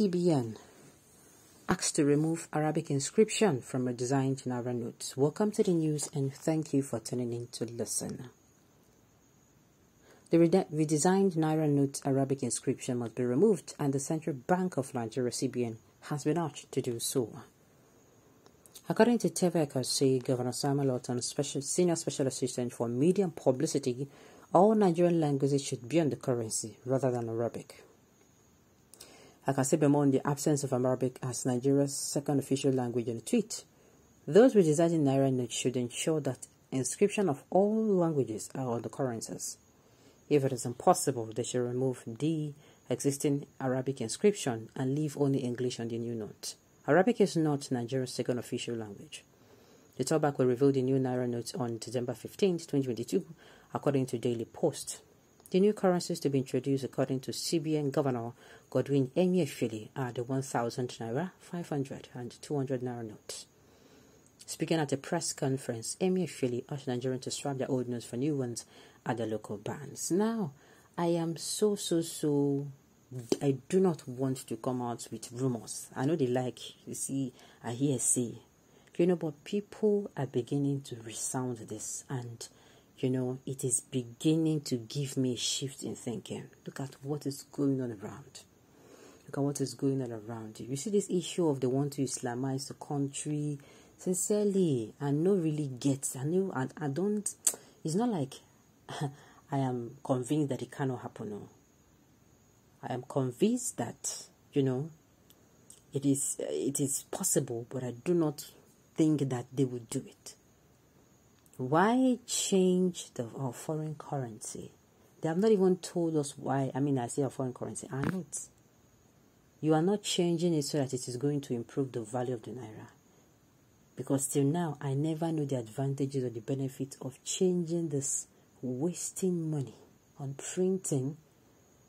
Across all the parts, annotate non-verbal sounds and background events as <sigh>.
CBN asked to remove Arabic inscription from a design Geneva notes. Welcome to the news and thank you for tuning in to listen. The redesigned Naira notes Arabic inscription must be removed, and the Central Bank of Nigeria CBN has been urged to do so. According to Teve Governor Samuel Orton, special, Senior Special Assistant for Media and Publicity, all Nigerian languages should be on the currency rather than Arabic. I said, on the absence of Arabic as Nigeria's second official language in a tweet. Those who reside in Naira should ensure that inscription of all languages are on the currencies. If it is impossible, they should remove the existing Arabic inscription and leave only English on the new note. Arabic is not Nigeria's second official language. The Tobac will reveal the new Naira notes on December 15, 2022, according to Daily Post. The new currencies to be introduced, according to CBN Governor Godwin Emefiele, are the 1,000 naira, 500, and 200 naira notes. Speaking at a press conference, Emefiele urged Nigerians to swap their old notes for new ones at the local banks. Now, I am so, so, so I do not want to come out with rumors. I know they like, you see, I hear say, you know, but people are beginning to resound this, and you know, it is beginning to give me a shift in thinking. Look at what is going on around. Look at what is going on around you. You see, this issue of the want to Islamize the country, sincerely, I know really get. I know, I, I don't. It's not like <laughs> I am convinced that it cannot happen. No. I am convinced that you know it is it is possible, but I do not think that they will do it. Why change the foreign currency? They have not even told us why. I mean, I say a foreign currency, our notes. You are not changing it so that it is going to improve the value of the naira. Because till now, I never knew the advantages or the benefits of changing this, wasting money on printing,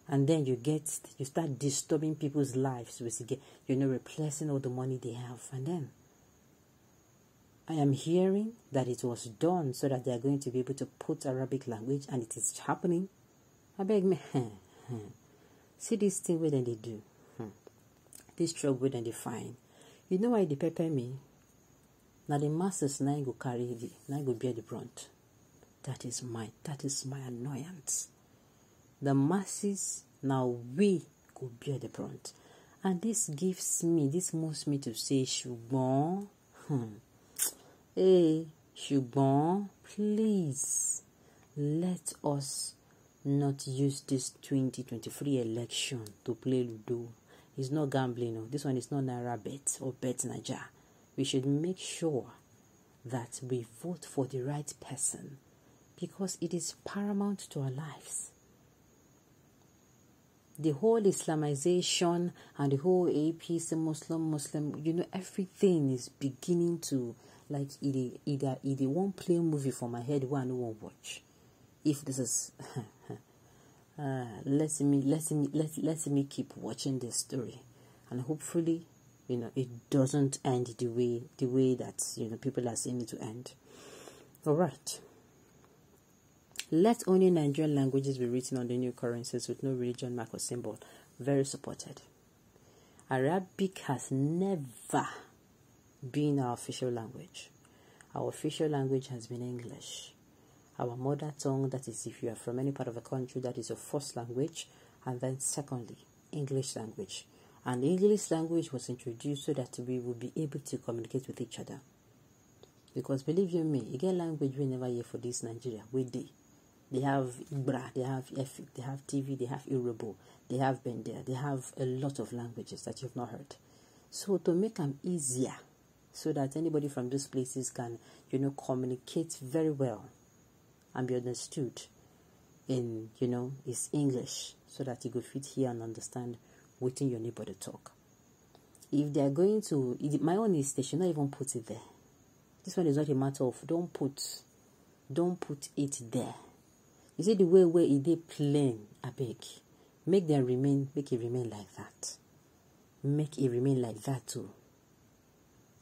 and then you get you start disturbing people's lives with you know replacing all the money they have, and then I am hearing that it was done so that they are going to be able to put Arabic language, and it is happening. I beg me, <laughs> hmm, hmm. see this thing where then they do, hmm. this trouble then they find. You know why they pepper me? Now the masses now go carry the, now go bear the brunt. That is my, that is my annoyance. The masses now we go bear the brunt, and this gives me, this moves me to say, Shubon. Hmm. Hey, ṣùgbọ́n please let us not use this 2023 election to play Ludo. It's not gambling. No. This one is not Naira Bet or Bet Naja. We should make sure that we vote for the right person because it is paramount to our lives. The whole Islamization and the whole APC Muslim, Muslim, you know, everything is beginning to like either either one dey play movie for my head one won't watch if this is <laughs> uh, let me let me let let me keep watching this story and hopefully you know it doesn't end the way the way that you know people are saying it to end all right let only nigerian languages be written on the new currencies with no religion mark or symbol very supported arabic has never being our official language. Our official language has been English. Our mother tongue, that is, if you are from any part of the country, that is your first language. And then, secondly, English language. And English language was introduced so that we would be able to communicate with each other. Because believe you me, again, language we never hear for this Nigeria. We did. They have Ibra, they have Efik, they have TV, they have Irobo, they have Bender, they have a lot of languages that you've not heard. So to make them easier, so that anybody from those places can, you know, communicate very well and be understood in, you know, his English so that you go fit here and understand what your neighbor to talk. If they are going to, my own is they should not even put it there. This one is not a matter of don't put, don't put it there. You see the way where it is plain, I beg. Make them remain, make it remain like that. Make it remain like that too.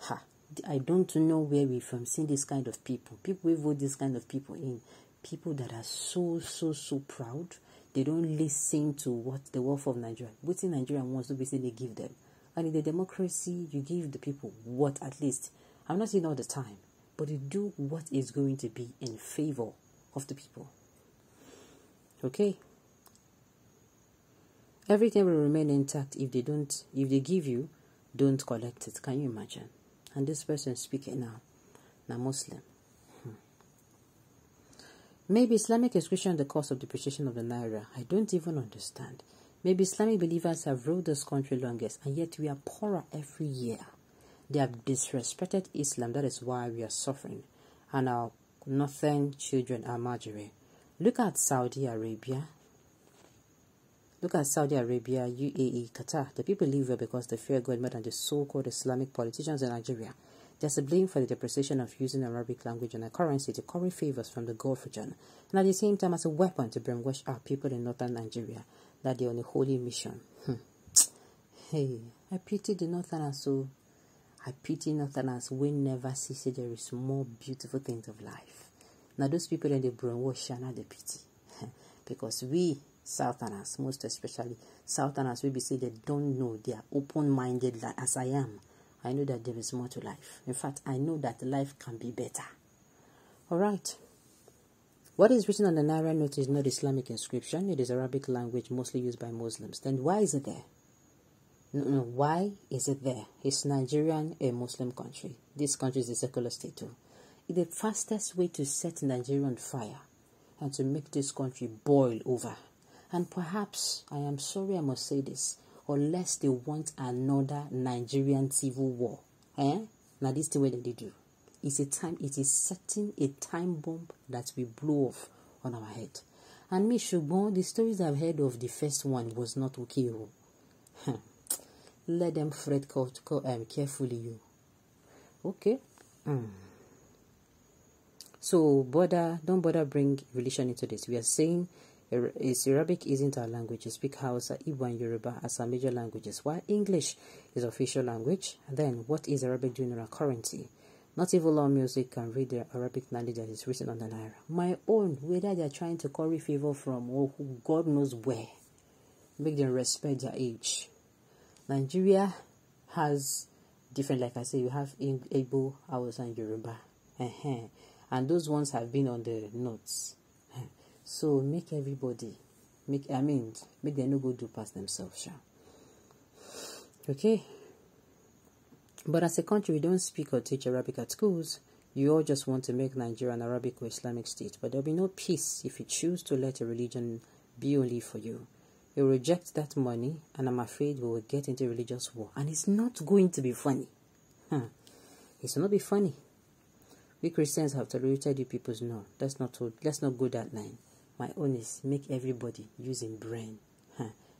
Ha, I don't know where we're from seeing this kind of people. People we vote this kind of people in. People that are so, so, so proud. They don't listen to what the wealth of Nigeria, what in Nigeria wants, obviously they give them. And in the democracy, you give the people what at least. I'm not saying all the time, but you do what is going to be in favor of the people. Okay? Everything will remain intact if they don't if they give you, don't collect it. Can you imagine? and this person speaking now, now Muslim. Hmm. Maybe Islamic exclusion the cause of depreciation of the naira. I don't even understand. Maybe Islamic believers have ruled this country longest, and yet we are poorer every year. They have disrespected Islam. That is why we are suffering, and our northern children are marginal. Look at Saudi Arabia, Look at Saudi Arabia, UAE, Qatar. The people live there because they fear government and the so called Islamic politicians in Nigeria. There's a blame for the depreciation of using Arabic language and a currency to curry favors from the Gulf region, and at the same time as a weapon to brainwash our people in northern Nigeria that they're on a holy mission. Hmm. Hey, I pity the northerners, so oh. I pity northerners we never see say there is more beautiful things of life. Now those people in the brainwash are not the pity, <laughs> because we Southerners, most especially Southerners, we be say they don't know. They are open-minded as I am. I know that there is more to life. In fact, I know that life can be better. All right. What is written on the Naira note is not Islamic inscription. It is Arabic language mostly used by Muslims. Then why is it there? No, no, why is it there? Is Nigeria a Muslim country? This country is a secular state too. The fastest way to set Nigeria on fire and to make this country boil over and perhaps, I am sorry I must say this, unless they want another Nigerian civil war. Eh? Now, this is the way that they do. It's a time, it is setting a time bomb that we blow off on our head. And me, Shubon, the stories I've heard of the first one was not okay. Let them fret um, carefully, you. Okay? Mm. So, bother, don't bother bring religion into this. We are saying is eh, Arabic isn't our language. We speak Hausa, Igbo, and Yoruba as our major languages, while English is official language. Then, what is Arabic doing in our currency? Not even law music can read the Arabic language that is written on the naira. My own, whether they are trying to curry favor from who God knows where, make them respect their age. Nigeria has different, like I say, you have Igbo, Hausa, and Yoruba. Uh-huh. And those ones have been on the notes so make everybody, make I mean, make them no go do past themselves, sure. Okay. But as a country, we don't speak or teach Arabic at schools. You all just want to make Nigeria an Arabic or Islamic state, but there'll be no peace if you choose to let a religion be only for you. You reject that money, and I'm afraid we will get into religious war. And it's not going to be funny. Huh. not be funny. We Christians have tolerated you peoples. No, that's not. Let's not go that line my own is make everybody using brain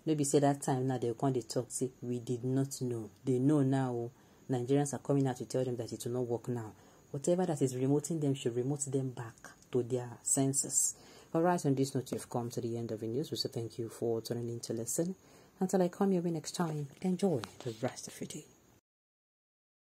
Maybe say that time now they come dey talk we did not know they know now nigerians are coming out to tell them that it will not work now whatever that is remoting them should remote them back to their senses all right on this note you've come to the end of the news we say thank you for tuning in to listen until i come your way next time enjoy the rest of your day